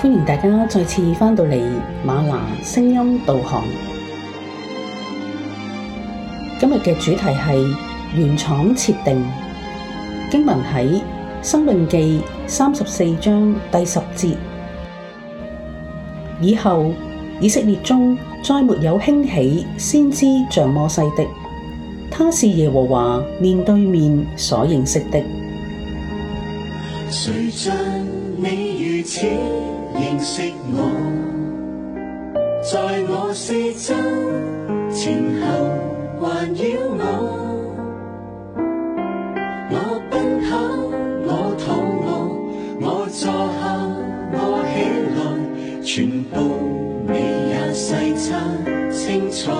歡迎大家再次返到嚟馬拿聲音導航。今日嘅主題係原廠設定。經文喺《申命記》三十四章第十節。以後以色列中再沒有興起先知像摩西的，他是耶和華面對面所認識的。誰認識我在我前行環繞我，我我我我在四周，全部起清楚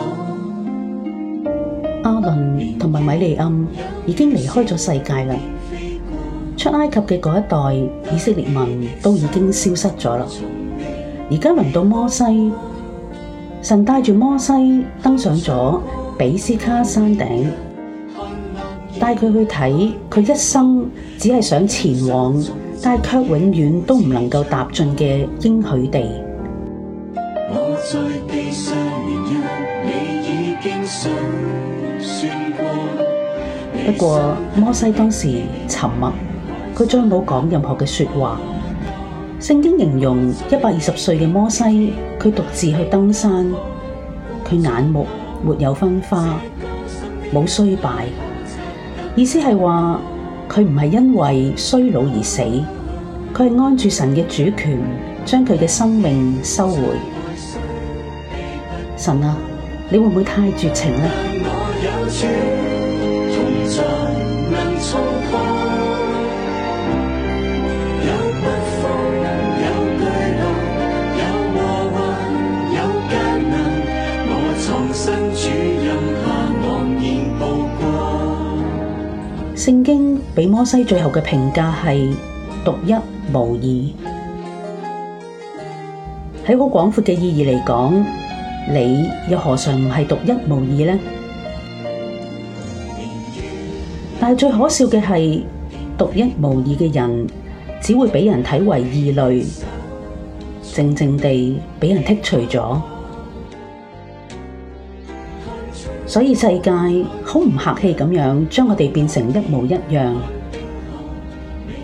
阿倫同埋米利暗已經離開咗世界啦。出埃及嘅嗰一代以色列民都已經消失咗啦，而家輪到摩西，神帶住摩西登上咗比斯卡山頂，帶佢去睇佢一生只係想前往，但係卻永遠都唔能夠踏進嘅應許地。不過摩西當時沉默。佢再冇講任何嘅說話。聖經形容一百二十歲嘅摩西，佢獨自去登山，佢眼目沒有昏花，冇衰敗。意思係話佢唔係因為衰老而死，佢係安住神嘅主權，將佢嘅生命收回。神啊，你會唔會太絕情呢？聖經俾摩西最後嘅評價係獨一無二。喺好廣闊嘅意義嚟講，你又何嘗唔係獨一無二呢？但係最可笑嘅係，獨一無二嘅人只會俾人睇為異類，靜靜地俾人剔除咗。所以世界好唔客氣咁樣，將我哋變成一模一樣，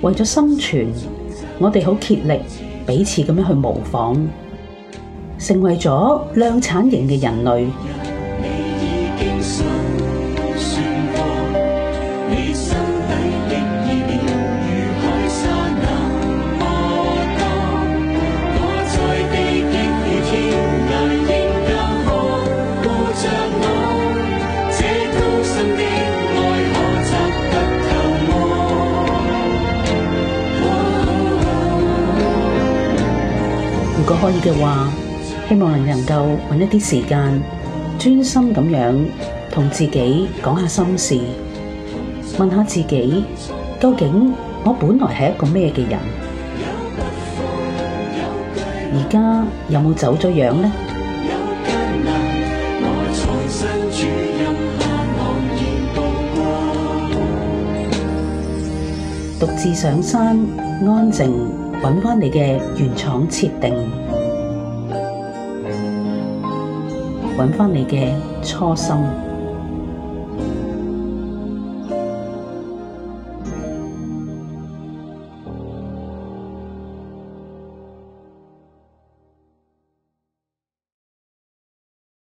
為咗生存，我哋好竭力彼此咁樣去模仿，成為咗量產型嘅人類。可以嘅話，希望你能夠揾一啲時間，專心咁樣同自己講下心事，問下自己，究竟我本來係一個咩嘅人？而家有冇走咗樣呢？獨自上山，安靜。揾返你嘅原廠設定，揾返你嘅初心。